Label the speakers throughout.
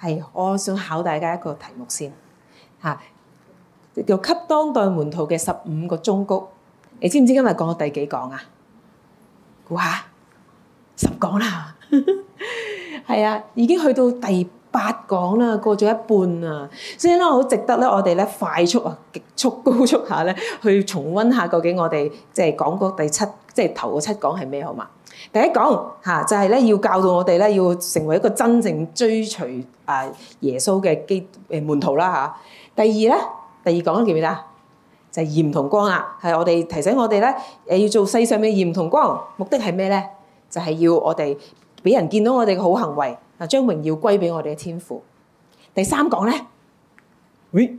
Speaker 1: 係，我想考大家一個題目先吓。叫給當代門徒嘅十五個忠告，你知唔知今日講到第幾講啊？估下，十講啦。係啊，已經去到第八講啦，過咗一半啦。所以咧，好值得咧，我哋咧快速啊、極速、高速下咧，去重溫下究竟我哋即係講過第七，即係頭嗰七講係咩好嘛？第一講嚇就係咧，要教導我哋咧，要成為一個真正追隨啊耶穌嘅基誒門徒啦嚇。第二咧，第二講記唔記得？就鹽同光啦，係我哋提醒我哋咧誒要做世上嘅鹽同光。目的係咩咧？就係要我哋俾人見到我哋嘅好行為，啊將榮耀歸俾我哋嘅天父。第三講咧。喂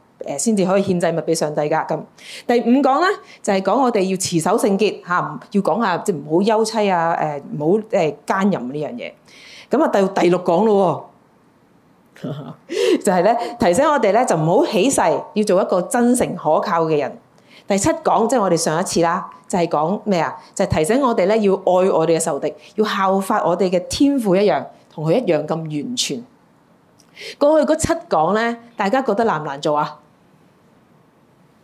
Speaker 1: 誒，先至可以獻祭物俾上帝噶，咁。第五講咧就係講我哋要持守聖潔吓，要講下即係唔好休妻啊，誒唔好誒奸淫呢樣嘢。咁啊，到第六講咯，就係咧提醒我哋咧就唔好起誓，要做一個真誠可靠嘅人。第七講即係我哋上一次啦，就係講咩啊？就係提醒我哋咧要愛我哋嘅仇敵，要效法我哋嘅天父一樣，同佢一樣咁完全。過去嗰七講咧，大家覺得難唔難做啊？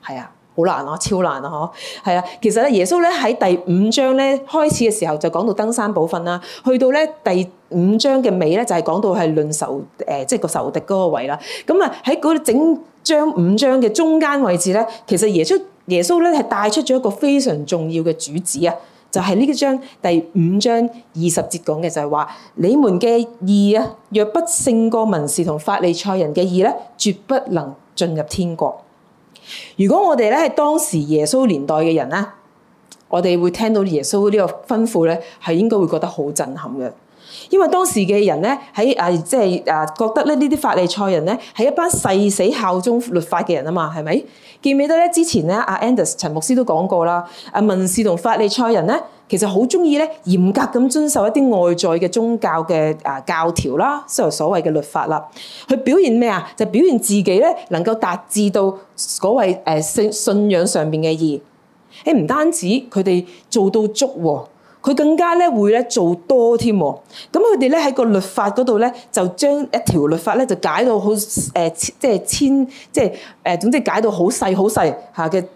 Speaker 1: 係啊，好難咯，超難啊。嗬！係啊，其實咧，耶穌咧喺第五章咧開始嘅時候就講到登山部分啦，去到咧第五章嘅尾咧就係講到係論仇誒，即係個仇敵嗰個位啦。咁啊喺嗰整章五章嘅中間位置咧，其實耶穌、呃、耶穌咧係帶出咗一個非常重要嘅主旨啊，就係呢一章第五章二十節講嘅就係話，你們嘅義啊，若不勝過文士同法利賽人嘅義咧，絕不能進入天國。如果我哋咧，係當時耶穌年代嘅人咧，我哋會聽到耶穌呢個吩咐咧，係應該會覺得好震撼嘅。因為當時嘅人咧，喺誒即係誒覺得咧，呢啲法利賽人咧係一班誓死效忠律法嘅人啊嘛，係咪？記唔記得咧？之前咧，阿安德斯陳牧師都講過啦。阿文士同法利賽人咧，其實好中意咧，嚴格咁遵守一啲外在嘅宗教嘅誒教條啦，即係所謂嘅律法啦。佢表現咩啊？就表現自己咧能夠達至到所謂誒信信仰上邊嘅義。誒唔單止佢哋做到足喎。佢更加咧會咧做多添喎，咁佢哋咧喺個律法嗰度咧就將一條律法咧就解到好、呃、即係千，即係、呃、總之解到好細好細，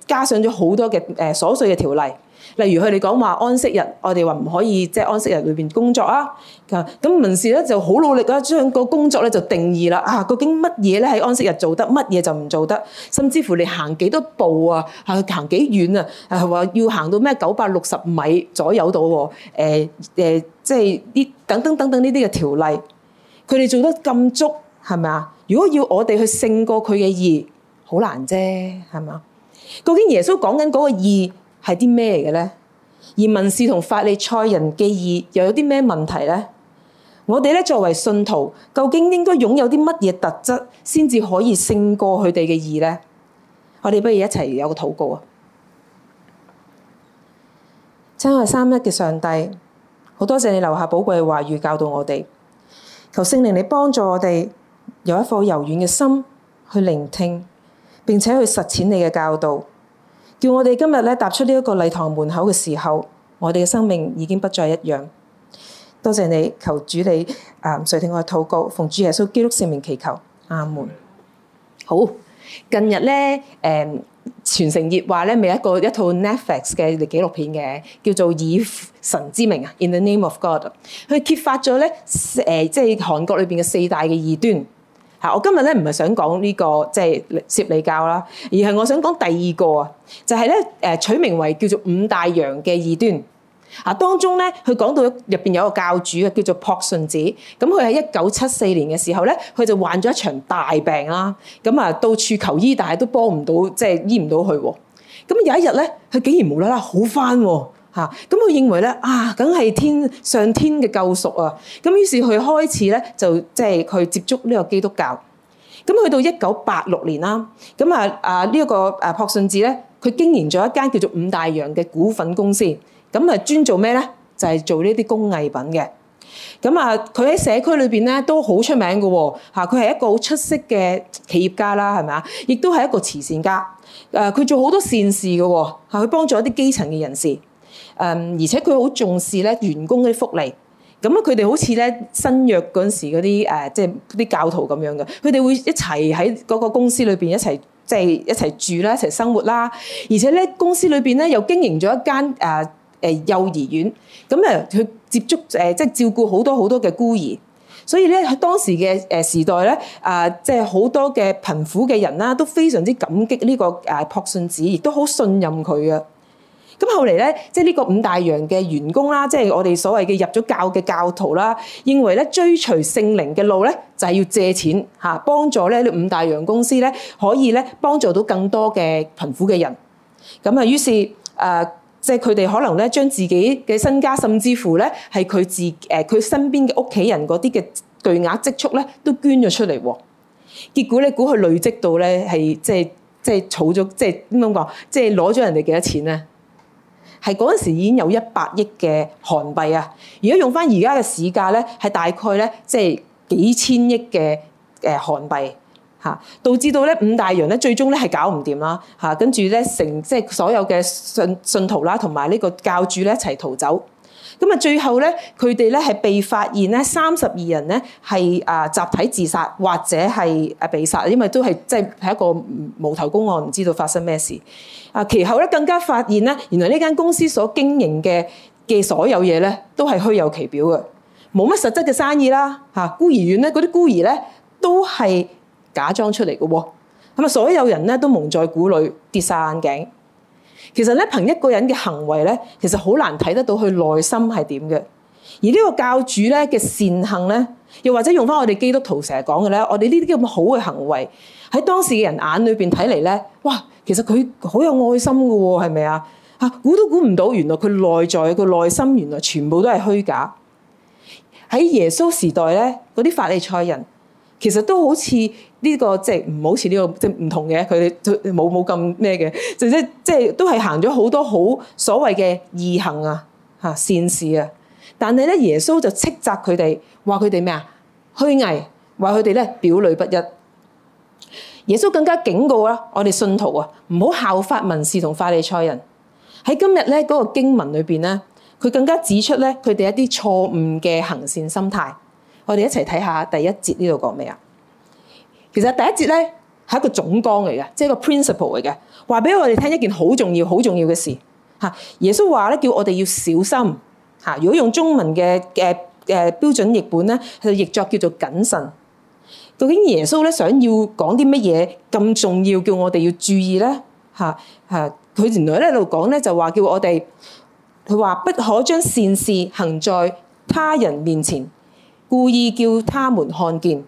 Speaker 1: 加上咗好多嘅所、呃、瑣碎嘅條例。例如佢哋講話安息日，我哋話唔可以即係安息日裏邊工作啊。咁文士咧就好努力啊，將個工作咧就定義啦。啊，究竟乜嘢咧喺安息日做得，乜嘢就唔做得？甚至乎你行幾多步啊？啊，行幾遠啊？話要行到咩九百六十米左右度？誒誒，即係啲等等等等呢啲嘅條例，佢哋做得咁足，係咪啊？如果要我哋去勝過佢嘅義，好難啫，係嘛？究竟耶穌講緊嗰個義？係啲咩嚟嘅咧？而文士同法利賽人嘅義又有啲咩問題咧？我哋咧作為信徒，究竟應該擁有啲乜嘢特質，先至可以勝過佢哋嘅義咧？我哋不如一齊有個禱告啊！親愛三一嘅上帝，好多謝你留下寶貴嘅話語教導我哋，求聖靈你幫助我哋有一顆柔軟嘅心去聆聽，並且去實踐你嘅教導。叫我哋今日咧踏出呢一個禮堂門口嘅時候，我哋嘅生命已經不再一樣。多謝你，求主你啊垂、呃、聽我嘅禱告，奉主耶穌基督聖名祈求，阿門。好，近日咧誒全城熱話咧，咪一個一套 Netflix 嘅紀錄片嘅，叫做以神之名啊，In the Name of God，佢揭發咗咧誒，即係韓國裏邊嘅四大嘅異端。嚇！我今日咧唔係想講呢個即係攝理教啦，而係我想講第二個啊，就係咧誒取名為叫做五大洋嘅異端啊。當中咧佢講到入邊有個教主啊，叫做朴信子。咁佢喺一九七四年嘅時候咧，佢就患咗一場大病啦。咁啊，到處求醫，但係都幫唔到，即係醫唔到佢。咁有一日咧，佢竟然無啦啦好返喎！嚇！咁佢認為咧，啊，梗係天上天嘅救贖啊！咁於是佢開始咧，就即係去接觸呢個基督教。咁去到一九八六年啦，咁啊啊呢一個誒朴信治咧，佢經營咗一間叫做五大洋嘅股份公司。咁啊，專做咩咧？就係、是、做呢啲工藝品嘅。咁啊，佢喺社區裏邊咧都好出名嘅喎。佢係一個好出色嘅企業家啦，係咪啊？亦都係一個慈善家。誒，佢做好多善事嘅喎，佢去幫助一啲基層嘅人士。誒、就是，而且佢好重視咧員工嘅福利，咁啊佢哋好似咧新約嗰陣時嗰啲誒，即係啲教徒咁樣嘅，佢哋會一齊喺嗰個公司裏邊一齊即係一齊住啦，一齊生活啦。而且咧公司裏邊咧又經營咗一間誒誒幼兒園，咁啊佢接觸誒即係照顧好多好多嘅孤兒，所以咧喺當時嘅誒時代咧啊，即係好多嘅貧苦嘅人啦都非常之感激呢個誒朴信子，亦都好信任佢啊。咁後嚟咧，即係呢個五大洋嘅員工啦，即係我哋所謂嘅入咗教嘅教徒啦，認為咧追隨聖靈嘅路咧，就係要借錢嚇，幫助咧呢五大洋公司咧，可以咧幫助到更多嘅貧苦嘅人。咁啊，於是誒，即係佢哋可能咧，將自己嘅身家，甚至乎咧係佢自誒佢身邊嘅屋企人嗰啲嘅巨額積蓄咧，都捐咗出嚟。結果咧，估佢累積到咧係即係即係儲咗，即係點樣講？即係攞咗人哋幾多錢咧？係嗰陣時已經有一百億嘅韓幣啊！如果用返而家嘅市價咧，係大概咧即係幾千億嘅嘅韓幣嚇，導致到咧五大洋咧最終咧係搞唔掂啦嚇，跟住咧成即係所有嘅信信徒啦同埋呢個教主咧一齊逃走。咁啊，最後咧，佢哋咧係被發現咧，三十二人咧係啊集體自殺或者係啊被殺，因為都係即係係一個無頭公案，唔知道發生咩事。啊，其後咧更加發現咧，原來呢間公司所經營嘅嘅所有嘢咧都係虛有其表嘅，冇乜實質嘅生意啦。嚇，孤兒院咧，嗰啲孤兒咧都係假裝出嚟嘅喎。咁咪所有人咧都蒙在鼓裏，跌晒眼鏡？其實咧，憑一個人嘅行為咧，其實好難睇得到佢內心係點嘅。而呢個教主咧嘅善行咧，又或者用翻我哋基督徒成日講嘅咧，我哋呢啲咁好嘅行為，喺當時嘅人眼裏邊睇嚟咧，哇！其實佢好有愛心㗎喎，係咪啊？嚇，估都估唔到，原來佢內在佢內心原來全部都係虛假。喺耶穌時代咧，嗰啲法利賽人其實都好似。呢、這個即係唔好似呢個即係唔同嘅，佢哋冇冇咁咩嘅，就即即係都係行咗好多好所謂嘅義行啊，嚇善事啊，但係咧耶穌就斥責佢哋，話佢哋咩啊虛偽，話佢哋咧表裏不一。耶穌更加警告啦，我哋信徒啊，唔好效法文士同法利賽人。喺今日咧嗰個經文裏邊咧，佢更加指出咧佢哋一啲錯誤嘅行善心態。我哋一齊睇下第一節呢度講咩啊！其實第一節咧，係一個總綱嚟嘅，即係一個 principle 嚟嘅，話俾我哋聽一件好重要、好重要嘅事。吓，耶穌話咧叫我哋要小心。吓，如果用中文嘅嘅嘅標準譯本咧，佢譯作叫做謹慎。究竟耶穌咧想要講啲乜嘢咁重要，叫我哋要注意咧？吓、啊、吓，佢、啊、原來喺度講咧就話叫我哋，佢話不可將善事行在他人面前，故意叫他們看見。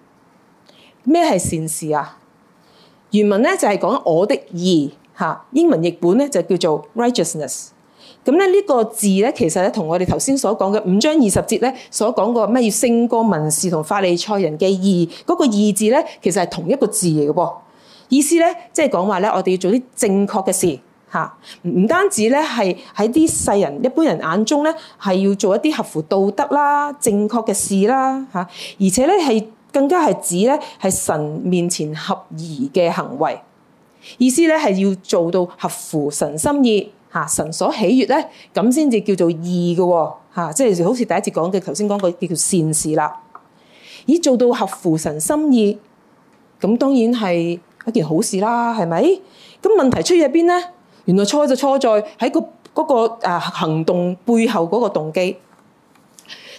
Speaker 1: 咩係善事啊？原文咧就係講我的義嚇，英文譯本咧就叫做 righteousness。咁咧呢個字咧，其實咧同我哋頭先所講嘅五章二十節咧所講個咩要勝過文士同法利賽人嘅義嗰，那個義字咧，其實係同一個字嚟嘅噃。意思咧即係講話咧，我哋要做啲正確嘅事嚇，唔單止咧係喺啲世人一般人眼中咧係要做一啲合乎道德啦、正確嘅事啦嚇，而且咧係。更加係指咧係神面前合宜嘅行為，意思咧係要做到合乎神心意嚇、啊，神所喜悅咧，咁先至叫做義嘅喎、啊、即係好似第一節講嘅頭先講個叫做善事啦。咦，做到合乎神心意，咁當然係一件好事啦，係咪？咁問題出入邊咧？原來錯就錯在喺、嗰個嗰、嗰個、啊、行動背後嗰個動機。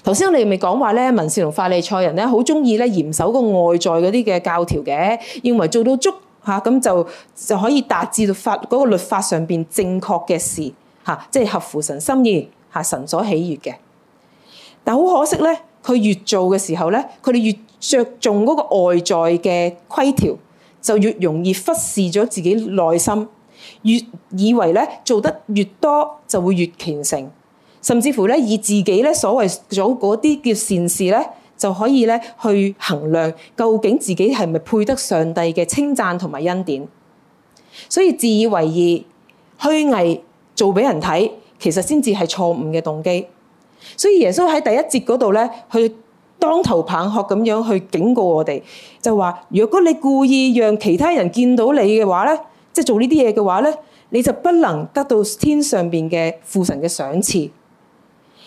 Speaker 1: 頭先我哋咪講話咧，文士同法利賽人咧，好中意咧嚴守個外在嗰啲嘅教條嘅，認為做到足嚇咁、啊、就就可以達至到法嗰、嗰個律法上邊正確嘅事嚇、啊，即係合乎神心意嚇、啊、神所喜悅嘅。但好可惜咧，佢越做嘅時候咧，佢哋越着重嗰個外在嘅規條，就越容易忽視咗自己內心，越以為咧做得越多就會越虔誠。甚至乎咧，以自己咧所謂做嗰啲叫善事咧，就可以咧去衡量究竟自己係咪配得上帝嘅稱讚同埋恩典。所以自以為義、虛偽做俾人睇，其實先至係錯誤嘅動機。所以耶穌喺第一節嗰度咧，去當頭棒喝咁樣去警告我哋，就話：如果你故意讓其他人見到你嘅話咧，即係做呢啲嘢嘅話咧，你就不能得到天上邊嘅父神嘅賞賜。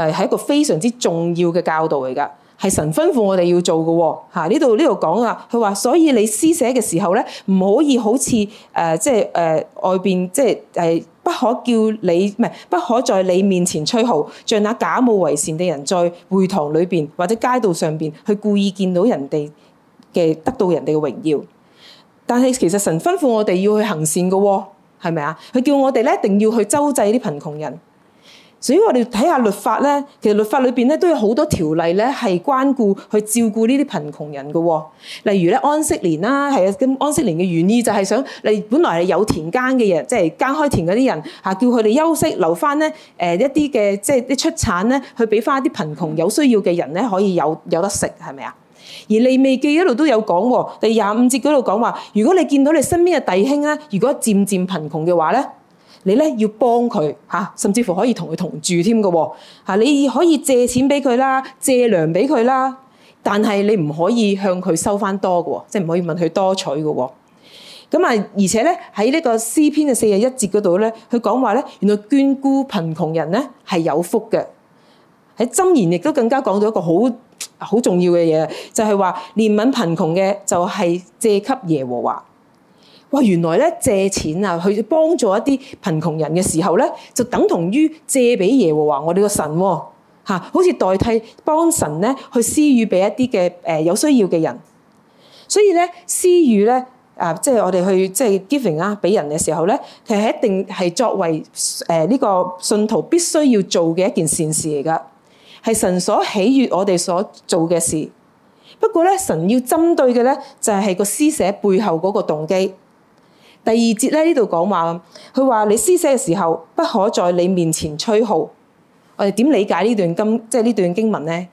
Speaker 1: 係係一個非常之重要嘅教導嚟㗎，係神吩咐我哋要做嘅。嚇呢度，呢度講啊，佢話所以你施捨嘅時候咧，唔可以好似誒、呃、即係誒、呃、外邊即係誒不可叫你唔係，呃、不可在你面前吹號，像那假冒為善嘅人，在會堂裏邊或者街道上邊去故意見到人哋嘅，得到人哋嘅榮耀。但係其實神吩咐我哋要去行善嘅，係咪啊？佢叫我哋咧一定要去周濟啲貧窮人。所以我哋睇下律法咧，其實律法裏邊咧都有好多條例咧，係關顧去照顧呢啲貧窮人嘅。例如咧安息年啦，係啊，咁安息年嘅原意就係想，你本來係有田耕嘅嘢，即係耕開田嗰啲人，嚇叫佢哋休息，留翻咧誒一啲嘅即係啲出產咧，去俾翻一啲貧窮有需要嘅人咧可以有有得食，係咪啊？而利未記一路都有講喎，第廿五節嗰度講話，如果你見到你身邊嘅弟兄啊，如果漸漸貧窮嘅話咧。你咧要幫佢嚇，甚至乎可以同佢同住添嘅喎嚇，你可以借錢俾佢啦，借糧俾佢啦，但係你唔可以向佢收翻多嘅，即係唔可以問佢多取嘅喎。咁啊，而且咧喺呢個詩篇嘅四廿一節嗰度咧，佢講話咧，原來眷顧貧窮人咧係有福嘅。喺箴言亦都更加講到一個好好重要嘅嘢，就係話憐憫貧窮嘅就係借給耶和華。哇！原來咧借錢啊，去幫助一啲貧窮人嘅時候咧，就等同於借俾耶和華我哋個神，嚇好似代替幫神咧去施予俾一啲嘅誒有需要嘅人。所以咧施予咧啊，即係我哋去即係 giving 啊，俾人嘅時候咧，其實係一定係作為誒呢個信徒必須要做嘅一件善事嚟噶，係神所喜悅我哋所做嘅事。不過咧，神要針對嘅咧就係個施捨背後嗰個動機。第二節咧呢度講話，佢話你施捨嘅時候，不可在你面前吹號。我哋點理解呢段今即係呢段經文咧？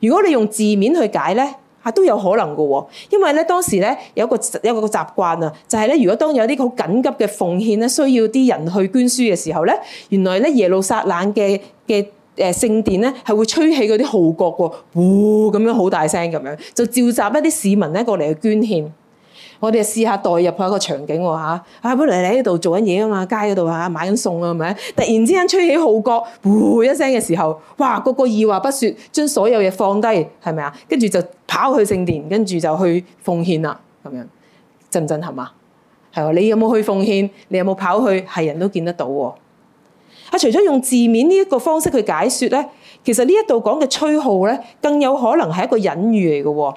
Speaker 1: 如果你用字面去解咧，嚇、啊、都有可能嘅喎、哦。因為咧當時咧有個有個習慣啊，就係、是、咧如果當有啲好緊急嘅奉獻咧，需要啲人去捐書嘅時候咧，原來咧耶路撒冷嘅嘅誒聖殿咧係會吹起嗰啲號角喎，咁、呃、樣好大聲咁樣，就召集一啲市民咧過嚟去捐獻。我哋試下代入一個場景喎嚇，啊，本來你喺度做緊嘢啊嘛，街嗰度啊買緊餸啊，係咪？突然之間吹起號角，噗！一聲嘅時候，哇！個個二話不說，將所有嘢放低，係咪啊？跟住就跑去聖殿，跟住就去奉獻啦，咁樣震唔震撼嘛？係喎，你有冇去奉獻？你有冇跑去？係人都見得到喎。啊，除咗用字面呢一個方式去解說咧，其實呢一度講嘅吹號咧，更有可能係一個隱喻嚟嘅喎。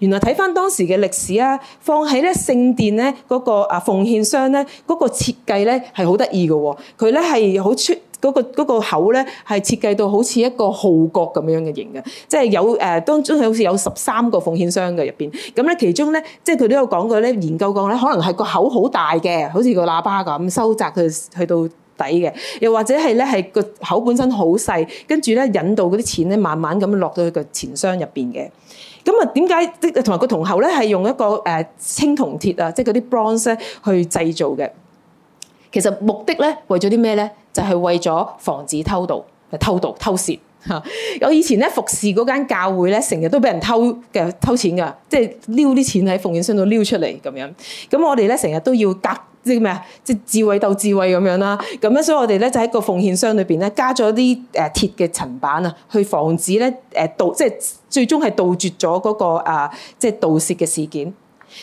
Speaker 1: 原來睇翻當時嘅歷史啊，放喺咧聖殿咧嗰、嗰個啊奉獻箱咧嗰個設計咧係好得意嘅喎，佢咧係好出嗰個口咧係設計到好似一個號角咁樣嘅形嘅，即係有誒當、呃、中好似有十三個奉獻箱嘅入邊，咁咧其中咧即係佢都有講過咧研究過咧，可能係個口好大嘅，好似個喇叭咁收窄佢去到。底嘅，又或者係咧，係個口本身好細，跟住咧引導嗰啲錢咧，慢慢咁落到去個錢箱入邊嘅。咁啊，點解即同埋個銅喉咧，係用一個誒青銅鐵啊，即係嗰啲 bronze 去製造嘅？其實目的咧，為咗啲咩咧？就係為咗防止偷盜，偷盜偷竊。嚇！我以前咧服侍嗰間教會咧，成日都俾人偷嘅偷錢㗎，即係撩啲錢喺奉獻箱度撩出嚟咁樣。咁我哋咧成日都要隔，即係咩啊？即係智慧鬥智慧咁樣啦。咁咧，所以我哋咧就喺個奉獻箱裏邊咧加咗啲誒鐵嘅層板啊，去防止咧誒杜，即係最終係杜絕咗嗰、嗰個啊、呃，即係盜竊嘅事件。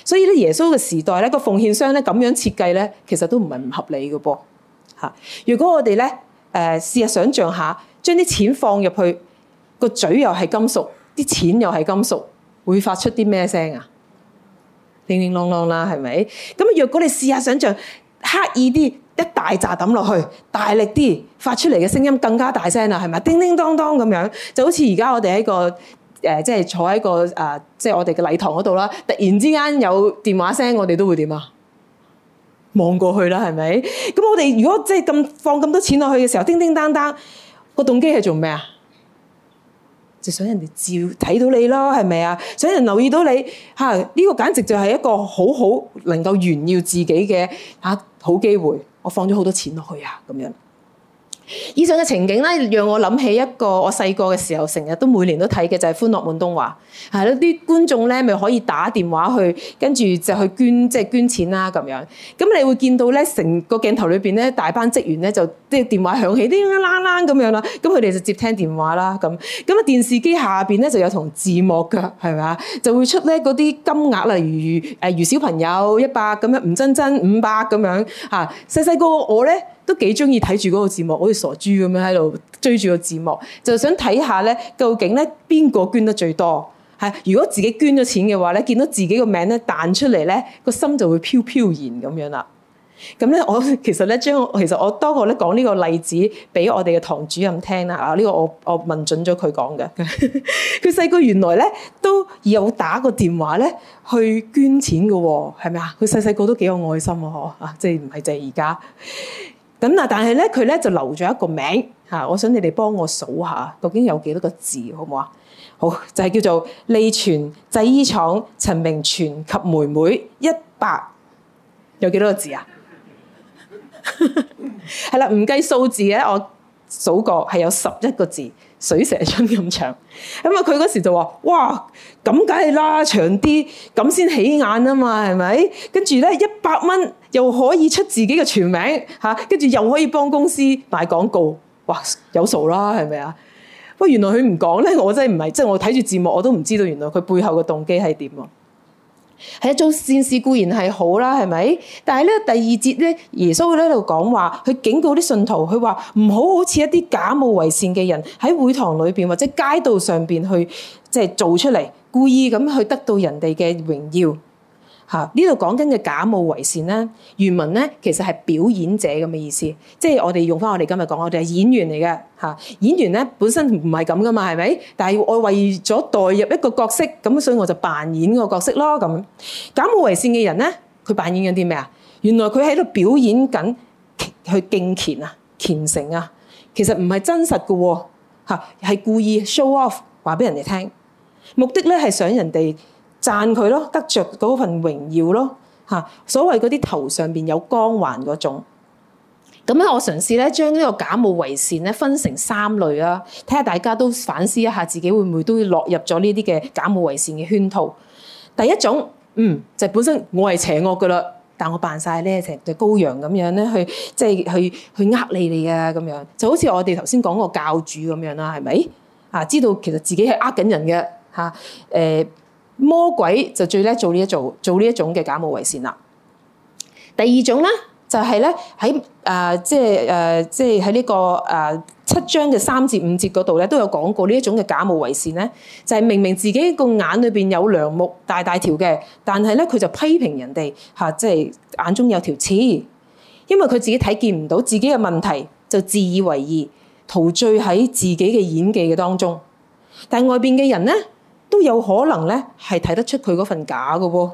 Speaker 1: 所以咧，耶穌嘅時代咧、嗰個奉獻箱咧咁樣設計咧，其實都唔係唔合理嘅噃嚇。如果我哋咧，誒試下想像下，將啲錢放入去，個嘴又係金屬，啲錢又係金屬，會發出啲咩聲啊？鈴鈴啷啷啦，係咪？咁啊，若果你試下想像，刻意啲，一大紮抌落去，大力啲發出嚟嘅聲音更加大聲啦，係咪？叮叮當當咁樣，就好似而家我哋喺個誒、呃，即係坐喺個啊、呃，即係我哋嘅禮堂嗰度啦。突然之間有電話聲，我哋都會點啊？望過去啦，係咪？咁我哋如果即係咁放咁多錢落去嘅時候，叮叮噹噹，個動機係做咩啊？就想人哋照睇到你咯，係咪啊？想人留意到你嚇，呢個簡直就係一個好好能夠炫耀自己嘅嚇好機會。我放咗好多錢落去啊，咁樣。以上嘅情景咧，讓我諗起一個我細個嘅時候，成日都每年都睇嘅就係、是《歡樂滿東華》，係咯，啲觀眾咧咪可以打電話去，跟住就去捐即係、就是、捐錢啦咁樣。咁你會見到咧，成個鏡頭裏邊咧，大班職員咧就即係啲電話響起，叮叮啷啷咁樣啦，咁佢哋就接聽電話啦咁。咁啊電視機下邊咧就有同字幕噶，係咪啊？就會出咧嗰啲金額例如誒、呃、如小朋友一百咁樣，吳珍珍五百咁樣嚇。細細個我咧。都幾中意睇住嗰個字幕，好似傻豬咁樣喺度追住個字幕，就想睇下咧，究竟咧邊個捐得最多？係如果自己捐咗錢嘅話咧，見到自己個名咧彈出嚟咧，個心就會飄飄然咁樣啦。咁、嗯、咧，我其實咧將其實我多過咧講呢個例子俾我哋嘅堂主任聽啦。啊，呢個我我問準咗佢講嘅。佢細個原來咧都有打過電話咧去捐錢嘅喎、哦，係咪啊？佢細細個都幾有愛心啊！嚇，即係唔係就係而家？咁啊！但係咧，佢咧就留咗一個名吓、啊，我想你哋幫我數下，究竟有幾多個字好唔好啊？好，就係、是、叫做利泉製衣廠陳明全及妹妹一百，100，有幾多個字啊？係 啦，唔計數字咧，我數過係有十一個字。水蛇春咁長，咁啊佢嗰時就話：哇，咁梗係啦，長啲咁先起眼啊嘛，係咪？跟住咧一百蚊又可以出自己嘅全名嚇，跟住又可以幫公司賣廣告，哇！有數啦，係咪啊？不過原來佢唔講咧，我真係唔係，即係我睇住字幕我都唔知道原來佢背後嘅動機係點啊！係一種善事固然係好啦，係咪？但係咧第二節咧，耶穌喺度講話，佢警告啲信徒，佢話唔好好似一啲假冒為善嘅人喺會堂裏邊或者街道上邊去即係做出嚟，故意咁去得到人哋嘅榮耀。嚇！呢度講緊嘅假冒為善咧，原文咧其實係表演者咁嘅意思，即係我哋用翻我哋今日講，我哋係演員嚟嘅嚇。演員咧本身唔係咁噶嘛，係咪？但係我為咗代入一個角色，咁所以我就扮演個角色咯咁。假冒為善嘅人咧，佢扮演緊啲咩啊？原來佢喺度表演緊去敬虔啊、虔誠啊，其實唔係真實嘅喎嚇，係故意 show off 話俾人哋聽，目的咧係想人哋讚佢咯，得着嗰份榮耀咯，嚇、啊、所謂嗰啲頭上邊有光環嗰種咁咧。我嘗試咧將呢個假冒為善咧分成三類啦，睇下大家都反思一下自己會唔會都落入咗呢啲嘅假冒為善嘅圈套。第一種嗯就係、本身我係邪惡噶啦，但我扮晒咧成隻羔羊咁樣咧去即係去去呃你哋啊咁樣，就好似我哋頭先講個教主咁樣啦，係咪啊？知道其實自己係呃緊人嘅嚇誒。啊欸魔鬼就最叻做呢一做，做呢一種嘅假冒偽善啦。第二種咧、呃，就係咧喺啊，即係誒，即係喺呢個誒、呃、七章嘅三至五節嗰度咧，都有講過呢一種嘅假冒偽善咧，就係、是、明明自己個眼裏邊有樑木大大條嘅，但係咧佢就批評人哋嚇，即、啊、係、就是、眼中有條刺，因為佢自己睇見唔到自己嘅問題，就自以為義，陶醉喺自己嘅演技嘅當中，但外邊嘅人咧。都有可能咧，係睇得出佢嗰份假嘅喎、哦。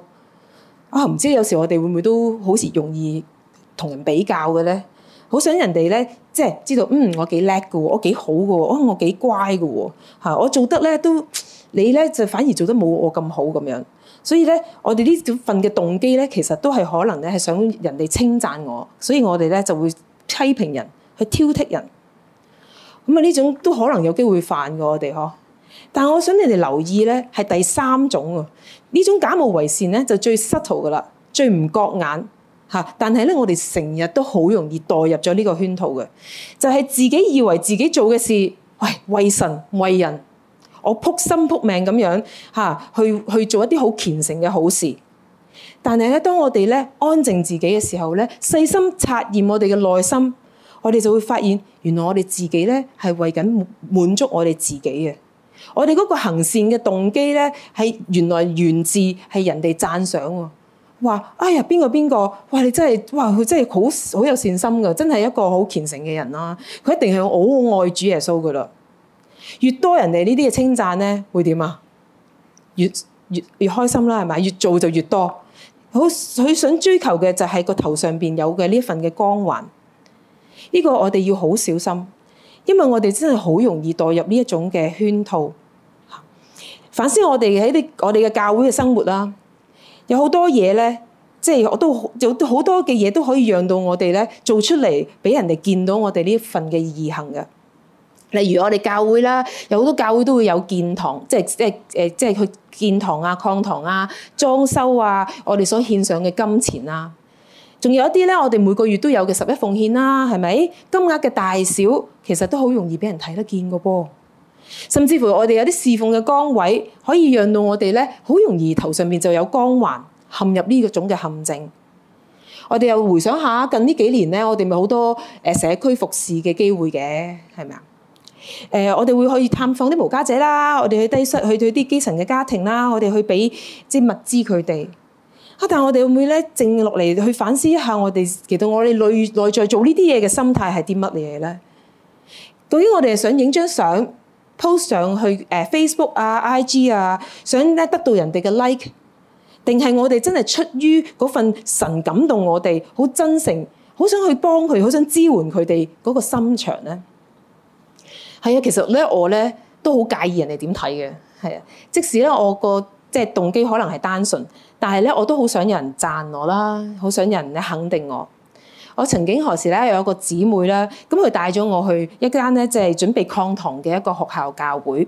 Speaker 1: 啊，唔知有時我哋會唔會都好似容易同人比較嘅咧？好想人哋咧，即係知道，嗯，我幾叻嘅喎，我幾好嘅喎，哦，我幾、哦、乖嘅喎、哦啊，我做得咧都你咧就反而做得冇我咁好咁樣。所以咧，我哋呢份嘅動機咧，其實都係可能咧係想人哋稱讚我，所以我哋咧就會批評人去挑剔人。咁、嗯、啊，呢種都可能有機會犯嘅，我哋呵。但我想你哋留意咧，係第三種喎。呢種假冒為善咧，就最 subtle 㗎喇，最唔覺眼嚇。但係咧，我哋成日都好容易墮入咗呢個圈套嘅，就係、是、自己以為自己做嘅事，喂為神為人，我仆心仆命咁樣嚇去去做一啲好虔誠嘅好事。但係咧，當我哋咧安靜自己嘅時候咧，細心察驗我哋嘅內心，我哋就會發現原來我哋自己咧係為緊滿足我哋自己嘅。我哋嗰個行善嘅動機咧，係原來源自係人哋讚賞喎，話哎呀邊個邊個，哇、哎、誰誰哇你真係，哇佢真係好好有善心噶，真係一個好虔誠嘅人啦，佢、啊、一定係好愛主耶穌噶啦。越多人哋呢啲嘅稱讚咧，會點啊？越越越開心啦，係咪？越做就越多。好，佢想追求嘅就係個頭上邊有嘅呢一份嘅光環。呢、這個我哋要好小心。因為我哋真係好容易代入呢一種嘅圈套。反思我哋喺啲我哋嘅教會嘅生活啦，有好多嘢咧，即係我都有好多嘅嘢都可以讓到我哋咧做出嚟，俾人哋見到我哋呢一份嘅義行嘅。例如我哋教會啦，有好多教會都會有建堂，即係即係誒，即係去建堂啊、擴堂啊、裝修啊，我哋所獻上嘅金錢啊。仲有一啲咧，我哋每個月都有嘅十一奉獻啦，係咪？金額嘅大小其實都好容易俾人睇得見嘅噃。甚至乎我哋有啲侍奉嘅崗位，可以讓到我哋咧，好容易頭上面就有光環，陷入呢個種嘅陷阱。我哋又回想下近呢幾年咧，我哋咪好多誒社區服侍嘅機會嘅，係咪啊？誒、呃，我哋會可以探訪啲無家者啦，我哋去低室去到啲基層嘅家庭啦，我哋去俾即物資佢哋。啊！但係我哋會唔會咧，靜落嚟去反思一下我哋其實我哋內內在做呢啲嘢嘅心態係啲乜嘢咧？對於我哋係想影張相 post 上去誒 Facebook 啊、IG 啊，想咧得到人哋嘅 like，定係我哋真係出於嗰份神感動我哋，好真誠，好想去幫佢，好想支援佢哋嗰個心腸咧？係啊，其實咧我咧都好介意人哋點睇嘅係啊，即使咧我個即係動機可能係單純。但係咧，我都好想有人讚我啦，好想有人咧肯定我。我曾經何時咧有一個姊妹啦，咁佢帶咗我去一間咧即係準備擴堂嘅一個學校教會。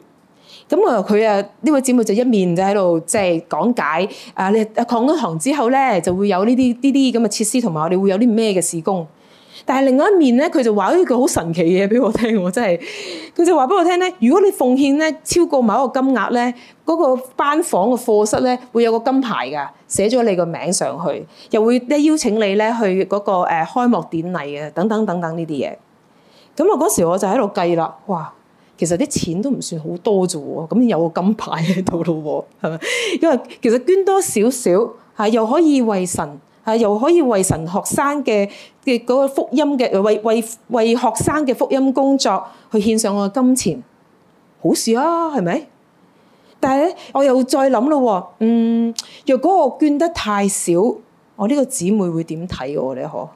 Speaker 1: 咁啊，佢啊呢位姐妹就一面就喺度即係講解啊，你擴咗堂，堂之後咧就會有呢啲呢啲咁嘅設施，同埋我哋會有啲咩嘅事工。但係另外一面咧，佢就話，一個好神奇嘅嘢俾我聽，我真係，佢就話俾我聽咧，如果你奉獻咧超過某一個金額咧，嗰個班房嘅課室咧會有個金牌㗎，寫咗你個名上去，又會咧邀請你咧去嗰個誒開幕典禮啊，等等等等呢啲嘢。咁啊，嗰時我就喺度計啦，哇，其實啲錢都唔算好多啫喎，咁有個金牌喺度咯喎，係咪？因為其實捐多少少嚇，又可以為神。啊，又可以為神學生嘅嘅嗰個福音嘅，為為為學生嘅福音工作，去獻上我嘅金錢，好事啊，係咪？但係咧，我又再諗咯，嗯，若果我捐得太少，我呢個姊妹會點睇我咧？嗬，好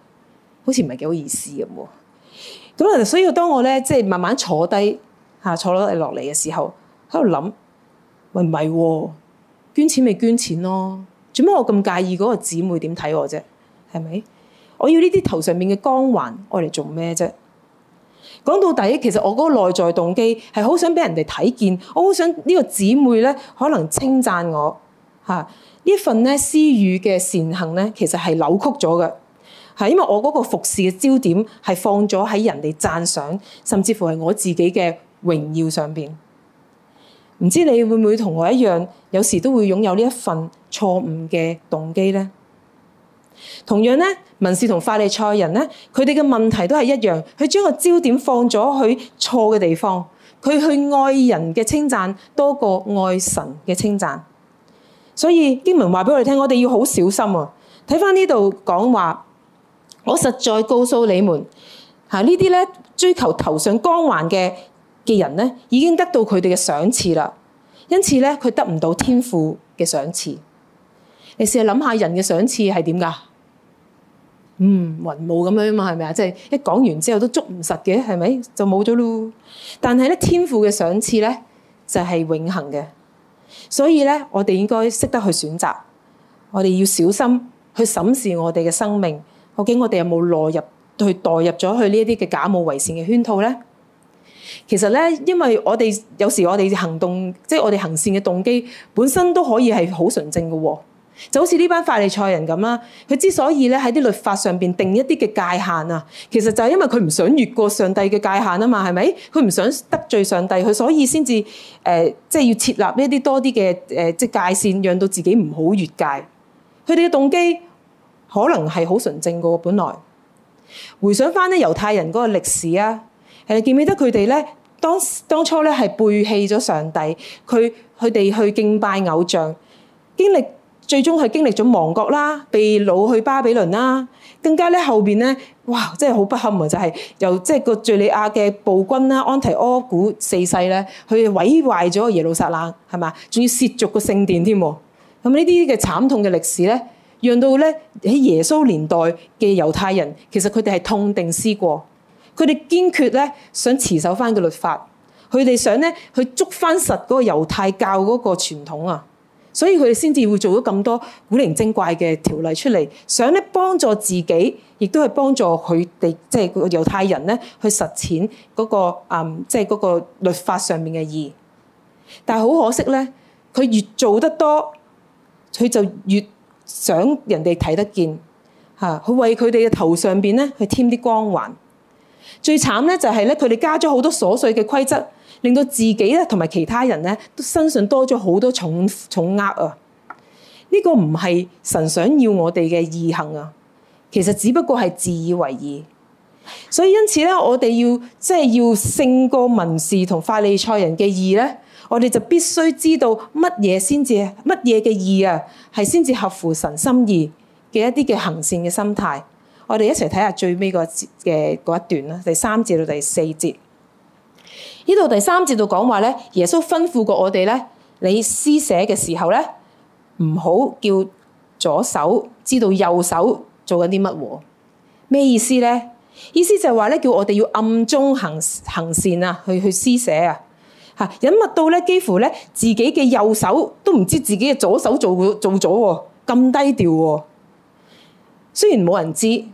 Speaker 1: 似唔係幾好意思咁喎。咁所以當我咧即係慢慢坐低嚇，坐落落嚟嘅時候，喺度諗，喂，唔係啊，捐錢咪捐錢咯。做咩我咁介意嗰個姊妹點睇我啫？係咪？我要呢啲頭上面嘅光環，我嚟做咩啫？講到底，其實我嗰個內在動機係好想俾人哋睇見，我好想呢個姊妹咧，可能稱讚我吓呢一份咧施予嘅善行咧，其實係扭曲咗嘅，係因為我嗰個服侍嘅焦點係放咗喺人哋讚賞，甚至乎係我自己嘅榮耀上邊。唔知你會唔會同我一樣，有時都會擁有呢一份錯誤嘅動機呢？同樣呢，文士同法利賽人呢，佢哋嘅問題都係一樣，佢將個焦點放咗去錯嘅地方，佢去愛人嘅稱讚多過愛神嘅稱讚。所以經文話俾我哋聽，我哋要好小心喎。睇翻呢度講話，我實在告訴你們，嚇呢啲咧追求頭上光環嘅嘅人咧，已經得到佢哋嘅賞賜啦，因此咧，佢得唔到天父嘅賞賜。你試下諗下人嘅賞賜係點噶？嗯，雲霧咁樣啊嘛，係咪啊？即係一講完之後都捉唔實嘅，係咪？就冇咗咯。但係咧，天父嘅賞賜咧就係永恆嘅。所以咧，我哋應該識得去選擇，我哋要小心去審視我哋嘅生命，究竟我哋有冇落入去代入咗去呢一啲嘅假冒為善嘅圈套咧？其實咧，因為我哋有時我哋行動，即係我哋行善嘅動機，本身都可以係好純正嘅喎。就好似呢班法利賽人咁啦，佢之所以咧喺啲律法上邊定一啲嘅界限啊，其實就係因為佢唔想越過上帝嘅界限啊嘛，係咪？佢唔想得罪上帝，佢所以先至誒，即係要設立一啲多啲嘅誒，即係界線，讓到自己唔好越界。佢哋嘅動機可能係好純正嘅喎，本來回想翻咧猶太人嗰個歷史啊。誒，記唔記得佢哋咧？當當初咧係背棄咗上帝，佢佢哋去敬拜偶像，經歷最終係經歷咗亡國啦，被擄去巴比倫啦，更加咧後邊咧，哇！真係好不堪啊！就係、是、由即係個敘利亞嘅暴君啦，安提柯古四世咧，佢毀壞咗耶路撒冷，係嘛？仲要涉足個聖殿添。咁呢啲嘅慘痛嘅歷史咧，讓到咧喺耶穌年代嘅猶太人，其實佢哋係痛定思過。佢哋堅決咧，想持守翻個律法，佢哋想咧去捉翻實嗰個猶太教嗰個傳統啊，所以佢哋先至會做咗咁多古靈精怪嘅條例出嚟，想咧幫助自己，亦都係幫助佢哋，即係猶太人咧去實踐嗰、嗰個、嗯、即係嗰個律法上面嘅義。但係好可惜咧，佢越做得多，佢就越想人哋睇得見嚇、啊，去為佢哋嘅頭上邊咧去添啲光環。最慘咧就係咧，佢哋加咗好多瑣碎嘅規則，令到自己咧同埋其他人咧，都身上多咗好多重重壓啊！呢、這個唔係神想要我哋嘅義行啊，其實只不過係自以為義。所以因此咧、就是，我哋要即係要勝過文士同法利賽人嘅義咧，我哋就必須知道乜嘢先至乜嘢嘅義啊，係先至合乎神心意嘅一啲嘅行善嘅心態。我哋一齊睇下最尾個嘅嗰一段啦，第三節到第四節。呢度第三節度講話咧，耶穌吩咐過我哋咧，你施捨嘅時候咧，唔好叫左手知道右手做緊啲乜喎，咩意思咧？意思就係話咧，叫我哋要暗中行行善啊，去去施捨啊，吓隱密到咧，幾乎咧自己嘅右手都唔知自己嘅左手做做咗喎、啊，咁低調喎、啊。雖然冇人知。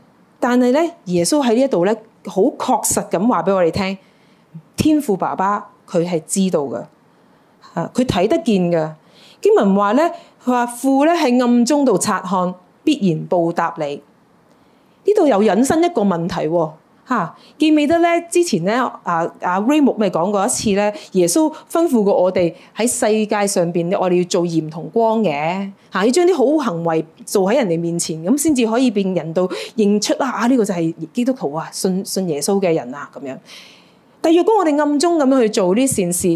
Speaker 1: 但係咧，耶穌喺呢一度咧，好確實咁話俾我哋聽，天父爸爸佢係知道噶，吓佢睇得見噶。經文話咧，佢話父咧係暗中度察看，必然報答你。呢度又引申一個問題喎。哈、啊，記唔記得咧？之前咧，阿、啊、阿、啊、Raymond 咪講過一次咧，耶穌吩咐過我哋喺世界上邊，我哋要做鹽同光嘅，嚇、啊、要將啲好行為做喺人哋面前，咁先至可以變人道認出啦。啊，呢、啊這個就係基督徒啊，信信耶穌嘅人啊，咁樣。但若果我哋暗中咁樣去做啲善事，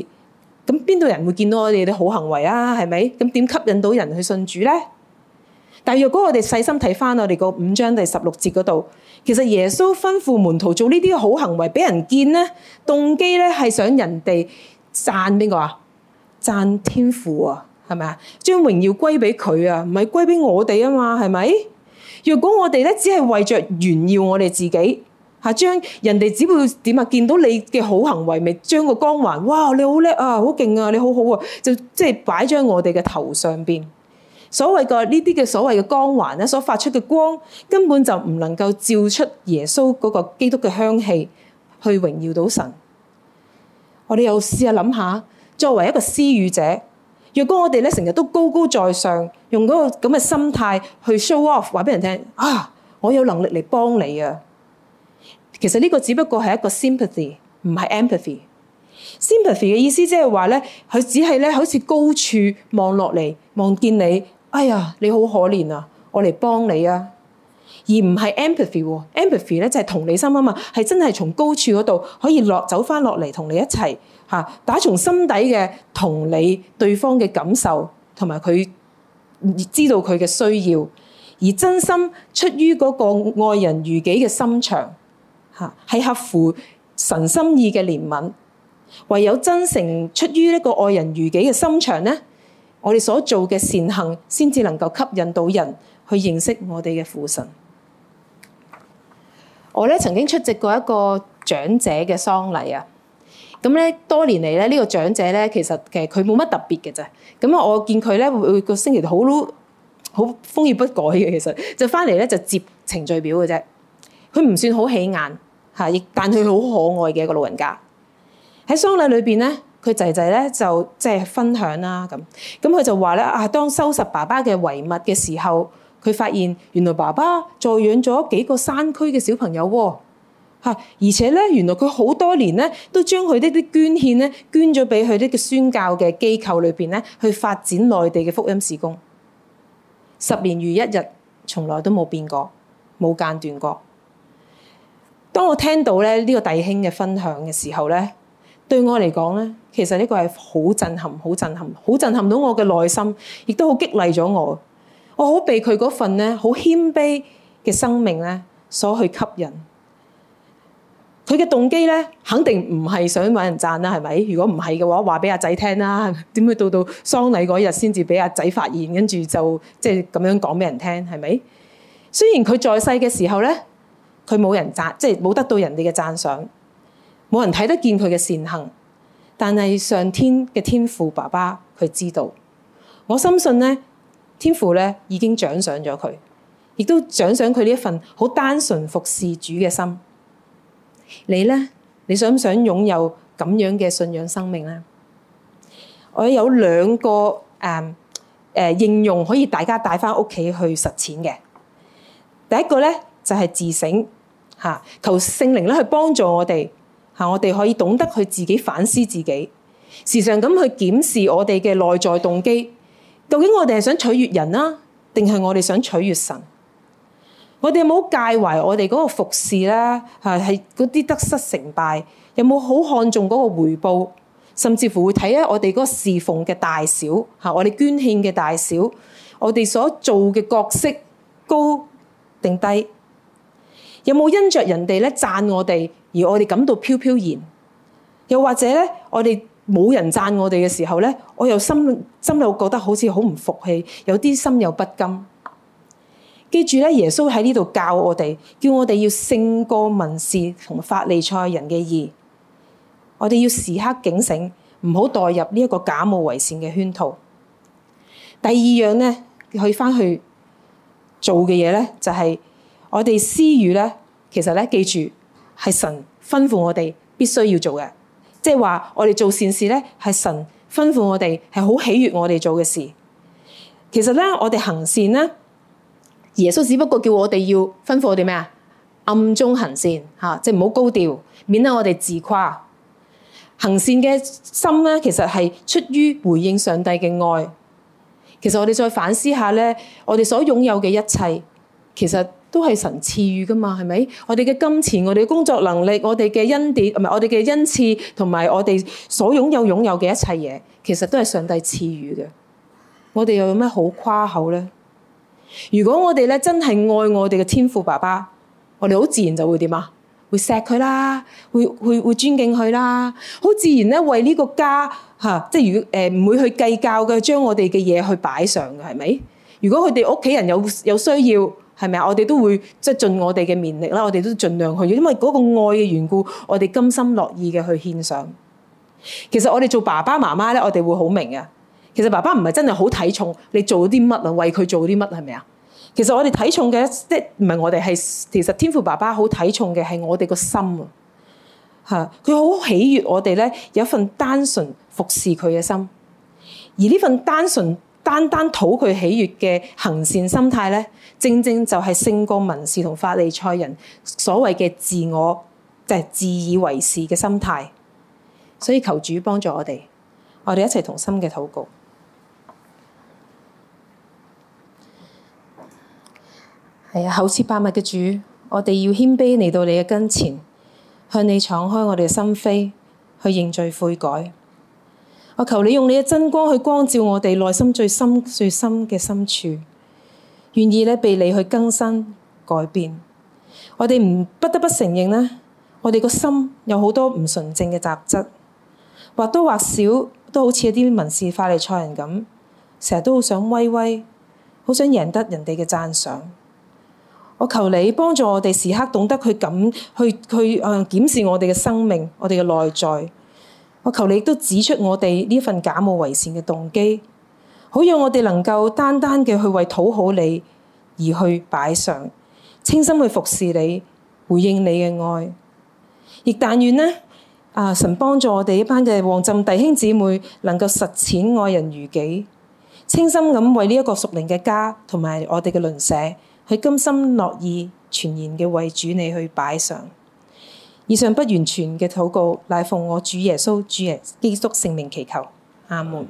Speaker 1: 咁邊度人會見到我哋啲好行為啊？係咪？咁點吸引到人去信主咧？但若果我哋細心睇翻我哋個五章第十六節嗰度。其實耶穌吩咐門徒做呢啲好行為，俾人見咧，動機咧係想人哋讚邊個啊？讚天父啊，係咪啊？將榮耀歸俾佢啊，唔係歸俾我哋啊嘛，係咪？若果我哋咧，只係為着炫耀我哋自己，嚇、將人哋只會點啊？見到你嘅好行為，咪將個光環，哇！你好叻啊，好勁啊，你好好啊，就即係擺喺我哋嘅頭上邊。所謂嘅呢啲嘅所謂嘅光環咧，所發出嘅光根本就唔能夠照出耶穌嗰個基督嘅香氣去榮耀到神。我哋又試下諗下，作為一個施予者，若果我哋咧成日都高高在上，用嗰個咁嘅心態去 show off，話俾人聽啊，我有能力嚟幫你啊。其實呢個只不過係一個 sympathy，唔係 empathy。Sympathy 嘅意思即係話咧，佢只係咧好似高處望落嚟，望見你。哎呀，你好可憐啊！我嚟幫你啊，而唔係 empathy、啊、empathy 咧就係同理心啊嘛，係真係從高處嗰度可以落走翻落嚟同你一齊嚇，打從心底嘅同理對方嘅感受同埋佢知道佢嘅需要，而真心出於嗰個愛人如己嘅心腸嚇，係合乎神心意嘅憐憫，唯有真誠出於一個愛人如己嘅心腸呢，我哋所做嘅善行，先至能夠吸引到人去認識我哋嘅父神。我咧曾經出席過一個長者嘅喪禮啊。咁咧多年嚟咧，呢個長者咧其實其實佢冇乜特別嘅啫。咁我見佢咧會個星期日好好風雨不改嘅，其實就返嚟咧就接程序表嘅啫。佢唔算好起眼嚇，亦但佢好可愛嘅一個老人家。喺喪禮裏邊咧。佢仔仔咧就即係分享啦咁，咁佢就話咧啊，當收拾爸爸嘅遺物嘅時候，佢發現原來爸爸助養咗幾個山區嘅小朋友喎、哦啊、而且咧原來佢好多年咧都將佢呢啲捐獻咧捐咗俾佢呢個宣教嘅機構裏邊咧去發展內地嘅福音事工，十年如一日，從來都冇變過，冇間斷過。當我聽到咧呢、呢個弟兄嘅分享嘅時候咧。對我嚟講咧，其實呢個係好震撼、好震撼、好震撼到我嘅內心，亦都好激勵咗我。我好被佢嗰份咧好謙卑嘅生命咧所去吸引。佢嘅動機咧，肯定唔係想搵人讚啦，係咪？如果唔係嘅話，話俾阿仔聽啦，點會到到喪禮嗰日先至俾阿仔發現，跟住就即係咁樣講俾人聽，係咪？雖然佢在世嘅時候咧，佢冇人讚，即係冇得到人哋嘅讚賞。冇人睇得見佢嘅善行，但係上天嘅天父爸爸佢知道。我深信咧，天父咧已經獎賞咗佢，亦都獎賞佢呢一份好單純服侍主嘅心。你咧，你想唔想擁有咁樣嘅信仰生命咧？我有兩個誒誒、呃呃、應用可以大家帶翻屋企去實踐嘅。第一個咧就係、是、自省吓，求聖靈咧去幫助我哋。啊！我哋可以懂得去自己反思自己，時常咁去檢視我哋嘅內在動機，究竟我哋係想取悅人啊，定係我哋想取悅神？我哋有冇介懷我哋嗰個服侍咧？啊，係嗰啲得失成敗，有冇好看重嗰個回報？甚至乎會睇啊，我哋嗰個侍奉嘅大小，吓我哋捐獻嘅大小，我哋所做嘅角色高定低？有冇因着人哋咧讚我哋？而我哋感到飄飄然，又或者咧，我哋冇人讚我哋嘅時候咧，我又心心內覺得好似好唔服氣，有啲心有不甘。記住咧，耶穌喺呢度教我哋，叫我哋要勝過文士同法利賽人嘅義。我哋要時刻警醒，唔好代入呢一個假冒為善嘅圈套。第二樣咧，去返去做嘅嘢咧，就係、是、我哋私語咧，其實咧，記住。係神吩咐我哋必須要做嘅，即係話我哋做善事咧，係神吩咐我哋係好喜悦我哋做嘅事。其實咧，我哋行善咧，耶穌只不過叫我哋要吩咐我哋咩啊？暗中行善吓，啊，即係唔好高調，免得我哋自誇。行善嘅心咧，其實係出於回應上帝嘅愛。其實我哋再反思下咧，我哋所擁有嘅一切，其實。都係神賜予㗎嘛，係咪？我哋嘅金錢，我哋嘅工作能力，我哋嘅恩典，唔係我哋嘅恩賜，同埋我哋所擁有擁有嘅一切嘢，其實都係上帝賜予嘅。我哋又有咩好誇口呢？如果我哋咧真係愛我哋嘅天父爸爸，我哋好自然就會點啊？會錫佢啦，會會會尊敬佢啦，好自然咧。為呢個家嚇、啊，即係如果誒唔會去計較嘅，將我哋嘅嘢去擺上嘅，係咪？如果佢哋屋企人有有需要。係咪啊？我哋都會即係盡我哋嘅綿力啦。我哋都儘量去，因為嗰個愛嘅緣故，我哋甘心樂意嘅去獻上。其實我哋做爸爸媽媽咧，我哋會好明啊。其實爸爸唔係真係好睇重你做啲乜啊，為佢做啲乜係咪啊？其實我哋睇重嘅，即係唔係我哋係其實天父爸爸好睇重嘅係我哋個心啊。嚇佢好喜悅，我哋咧有一份單純服侍佢嘅心，而呢份單純單單討佢喜悅嘅行善心態咧。正正就係勝過文士同法利賽人所謂嘅自我，就係、是、自以為是嘅心態。所以求主幫助我哋，我哋一齊同心嘅禱告。係啊，厚賜百物嘅主，我哋要謙卑嚟到你嘅跟前，向你敞開我哋嘅心扉，去認罪悔改。我求你用你嘅真光去光照我哋內心最深、最深嘅深處。願意咧被你去更新改變，我哋唔不得不承認咧，我哋個心有好多唔純正嘅雜質，或多或少都好似一啲文士法利賽人咁，成日都好想威威，好想贏得人哋嘅讚賞。我求你幫助我哋時刻懂得去感去去誒檢視我哋嘅生命、我哋嘅內在。我求你都指出我哋呢份假冒為善嘅動機。好讓我哋能夠單單嘅去為討好你而去擺上，清心去服侍你，回應你嘅愛。亦但願呢，啊神幫助我哋一班嘅旺浸弟兄姊妹，能夠實踐愛人如己，清心咁為呢一個屬靈嘅家同埋我哋嘅鄰舍去甘心樂意全然嘅為主你去擺上。以上不完全嘅禱告，乃奉我主耶穌主耶穌聖名祈求，阿門。